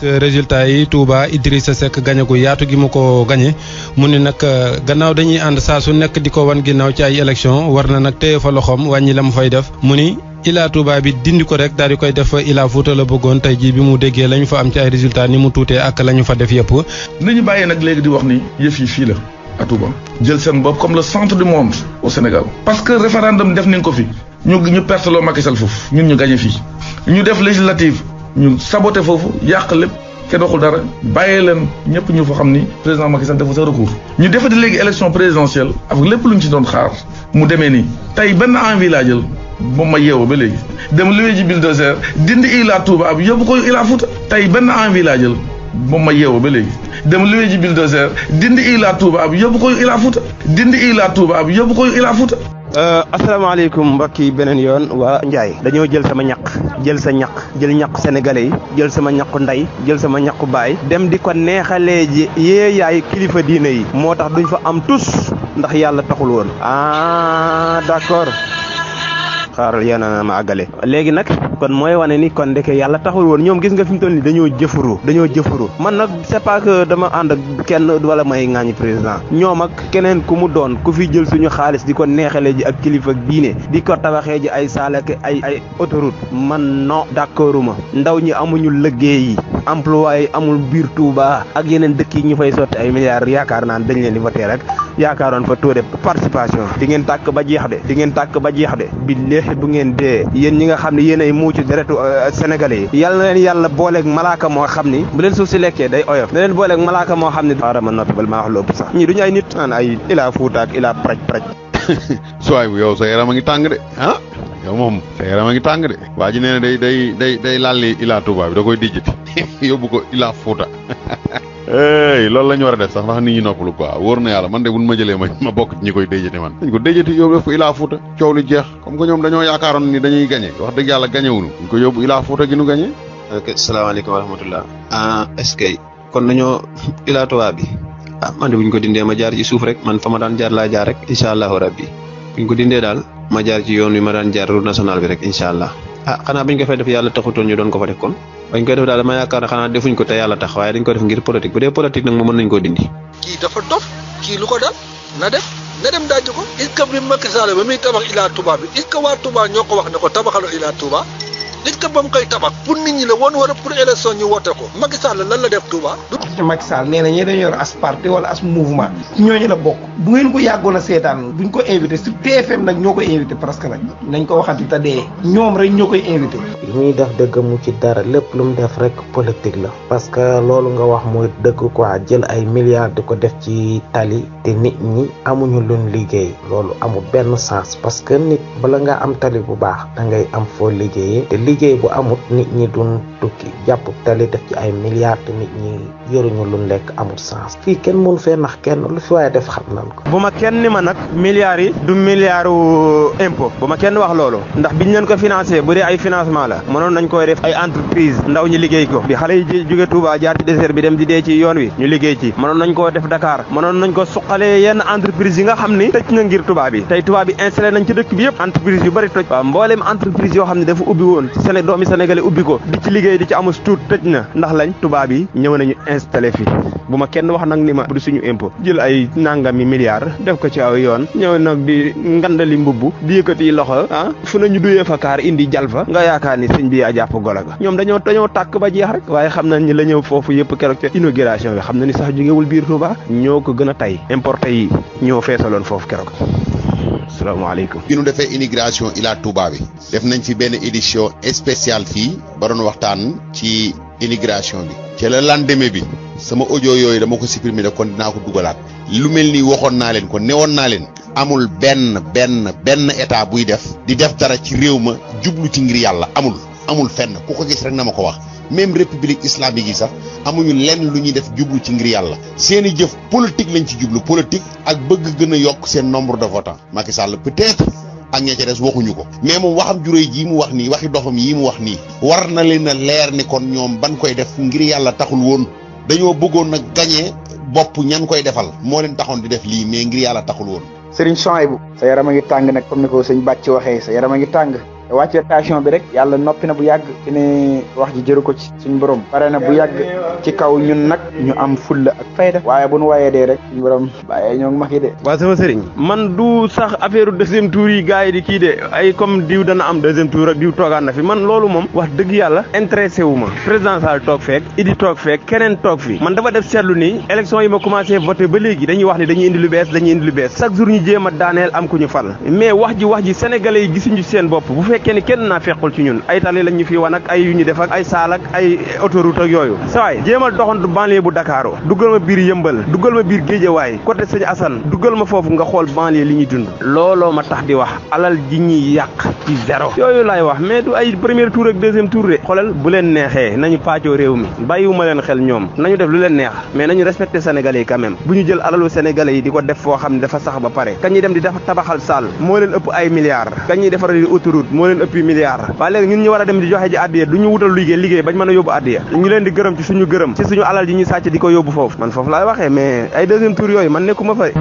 Eh, résultat yi Touba Idrissa Seck gañe gu yaatu gi mu ko gañe mu ni nag eh, gannaaw dañuy ànd saa su nekk di ko wan ginnaaw ci ay élection war na nag téye fa loxoom wàññi la mu fay def mu ni ilaa Touba bi dindi ko rek daal di koy def ilaa Fuuta la bëggoon tey jii bi mu déggee lañu fa am ci ay résultat ni mu tuutee ak la ñu fa def yëpp nañu bàyyee nag léegi di wax ni yëf yi fii la à Touba jël seen bopp comme le centre du monde au Sénégal parce que référendum def fi ñu ñu perte loo ñu ñu def législative ñu saboté foofu yàq lépp kenn waxul dara bàyyee leen ñëpp ñu fa xam ni président Macky Sall defu sa recours ñu defati léegi élection présidentielle ak lépp lu ñu ci doon xaar mu demee nii tey benn envie laa moom ma yeewoo ba léegi dem luwee ji bulldozer dindi la Touba ab yóbbu ko Ila Fouta tey benn envie laa moom ma yeewoo ba léegi dem luwee ji bulldozer dindi Ila Touba ab yóbbu ko Ila Fouta dindi Ila Touba ab yóbbu ko Ila Fouta Euh, asalaamaaleykum mbokk yi beneen yoon waa Ndiaye dañoo jël sama ñaq jël sa ñaq jël ñaq sénégalais yi jël sama ñaqu ndey jël sama ñaqu baay dem di ko neexalee ji yee yaay kilifa diine yi moo tax duñ fa am tus ndax yàlla taxul woon ah d'accord xaaral yéen a ma àggale léegi nag kon mooy wane ni kon ndeke yàlla taxul woon ñoom gis nga fi mu ni dañoo jëfuru dañoo jëfuru man nag c'est pas que dama ànd ak kenn wala may ŋaañi président ñoom ak keneen ku mu doon ku fi jël suñu xaalis di ko neexale ji ak kilifa ak diine di ko tabaxee ji ay saal ay ay autoroute man non d'accorduma ndaw ñi amuñu liggéey yi emploi yi amul biir Touba ak yeneen dëkk yi ñu fay sotti ay milliards yaakaar naan dañ leen di voté rek yaakaaroon fa taux de participation di ngeen tàkk ba jeex de di ngeen tàkk ba jeex de billaahi bu ngeen dee yéen ñi nga xam ne yéen ay muucu deretu euh, sénégalais yi yal na leen yàlla booleek malaaka moo xam ni bu leen suuf si lekkee day oyof na leen booleeg malaaka moo xam ni xaarama noppi bal maa wax lu ëpp sax ñii duñu ay nit naan ay ilaa fuutaak ilaa praj praj suwaay bu ngi tàng ah? ga moom sa yaram a ngi tàng de waa ji nee na day day day day lalli ilaa tuuba bi da koy dijjati yóbbu ko ilaa fuuta hey loolu la ñu war a def sax ndax nit ñi noppalu quoi wóor na yàlla man de buñ ma jëlee ma ma ñi koy déjati man dañ ko déjati yóbbu def ko ilaa fuuta coow li jeex comme que ñoom dañoo yaakaaroon ni dañuy gañe wax dëgg yàlla gañewuñu ñu ko yóbbu ilaa fuuta gi nu gañe ok salaamaaleykum wa rahmatullah ah est-ce que kon nañoo ilaa tuuba bi ah man de buñ ko dindee ma jaar ci suuf rek man fa daan jaar laa jaar rek incha rabbi buñ ko dindee daal ma jaar ci yoon wi ma daan jaar route nationale bi rek incha allah ah xanaa bañ ko fay def yàlla taxutoon ñu doon ko fa def kon bañ koy def daal dama yaakaar ne xanaa defuñ ko te yàlla tax waaye dañ ko def ngir politique bu dee politique nag moom mën nañ koo dindi. kii dafa dof kii lu ko dal na def na dem daaj ko. est-ce que bi Macky ba muy tabax Ila Touba bi est waa Touba ñoo ko wax ne ko tabaxaloo Ila Touba nit ko bam koy tabak pour nit ñi la won wala pour élection ñu woté ko Macky Sall lan la def Touba te Macky Sall néna ñi dañu yor as parti wala as mouvement ñooñu la bok bu ngeen ko yàggoon na sétane buñ ko invité sur TFM nak ñoko ko invité presque nak nañ ko waxati ta dé ñom rek ñoo koy invité li def dëgg mu ci dara lepp lu mu def rek politique la parce que lolu nga wax moy dëgg quoi jël ay milliards diko def ci tali té nit ñi amuñu luñ liggéey lolu amu benn sens parce que nit bala nga am tali bu baax da ngay am fo liggéey te liggéey bu amut nit ñi duñ tukki jàpp tali def ci ay milliards nit ñi yoruñu luñ lekk amut sens fii kenn mënu fee nax kenn lu fi waaye def xam nan ko bu ma kenn wax loolu ndax biñ leen ko financé bu dee ay financement la mënoon nañ koy def ay entreprise ndaw ñi liggéey ko bi xale yi jóge Touba jaar dem di dee ci yoon wi ñu liggéey ci mënoon nañ ko def Dakar mënoon nañ ko suqalee yenn entreprise yi nga xam ni tëj na ngir tubaab bi tey tubaab Séné doomi sénégalais ubbi ko di ci liggéey di ci amus tuut tëj na ndax lañ tubaab yi ñëw nañu installé fi bu ma kenn wax nag ni ma du suñu impôt jël ay nangami milliards def ko ci aw yoon ñëw nag di ngandali mbubb di yëkkati loxo ah fu nañu duyee fa kaar indi jal fa nga yaakaar ni sëñ bi a jàpp golo ga ñoom dañoo dañoo tàkk ba jeex rek waaye xam nañ ni la ñëw foofu yëpp keroog ca inauguration bi xam na ni sax jógewul biir Touba ñoo ko gën a tay importé yi ñoo feesaloon foofu keroog salaamaaleykum. bi ñu defee immigration Ila Touba bi. def nañ ci benn édition spéciale fii ba doon waxtaan ci immigration bi. ci la lendemain bi. sama audio yooyu dama ko supprimer ne kon dinaa ko dugalaat. lu mel nii waxoon naa leen ko newoon naa leen. amul benn benn benn état buy def. di def dara ci réew ma jublu ci ngir yàlla amul. amul fenn ku ko gis rek na mako wax même république islamique yi sax amuñu lenn lu def djublu ci ngir yalla seeni jëf politique lañ ci djublu politique ak bëgg gëna a yokk seen nombre de votants Macky Sall peut-être ak ña ci des waxuñu ko mais mu waxam juróy ji mu wax ni waxi doxam yi mu wax ni war na leena leer ni kon ñom ban koy def ngir yalla taxul woon dañoo bëggoon nak gagner bop ñan koy defal mo leen taxoon di def li mais ngir yalla taxul woon serigne Soaybu sa yaram nga tang nak comme ko sa yaram nga tang wàcce station bi rek yàlla noppi na bu yàgg ne wax ji jëru ko ci suñ borom pare na bu yàgg ci kaw ñun nag ñu am fulla ak fayda waaye bu nu wayee dee rek suñ borom bàyyee ñoo ngi maki de waa sama sëriñ man du sax affaire deuxième tour yi gars di kii de ay comme diw dana am deuxième tour ak diw toogaan na fi man loolu moom wax dëgg yàlla intéressé wu ma président toog Idi toog feek keneen toog fi man dafa def seetlu ni élection yi ma commencé voté ba léegi dañuy wax ni dañuy indi lu bees dañuy indi lu bees chaque jour ñu jéem a am ku ñu fal mais wax ji wax ji sénégalais yi gisuñu seen bopp bu kenn kenn naa fekkul ci ñun ay tali lañ ñu fi wan ak ay yu ñu def ak ay saal ak ay autoroute ak yooyu sawaay jéemal doxantu banlieue bu Dakaro duggal ma biir yëmbal duggal ma biir géejawaay côté sëñ Assane duggal ma foofu nga xool banlieue li ñuy dund looloo ma tax di wax alal ji ñuy yàq ci zéro yooyu laay wax mais du ay premier tour ak deuxième tour de xoolal bu leen neexee nañu paccoo réew mi bàyyiwuma leen xel ñoom nañu def lu leen neex mais nañu respecté sénégalais yi quand même bu ñu jël yi di ko def foo xam ne dafa sax ba pare kañ ñuy dem di tabaxal saal moo leen ëpp ay milliards kañ ñuy defaral autoroute leen ëppi milliards waaye léegi ñun ñu war dem di joxe ji addiya du ñu wutal liggéey liggéey bañ mën a yóbbu addiya ñu leen di gërëm ci suñu gërëm ci suñu alal ji ñuy sàcc di ko yóbbu foofu man foofu laay waxee mais ay deuxième tour yooyu man nekkuma fay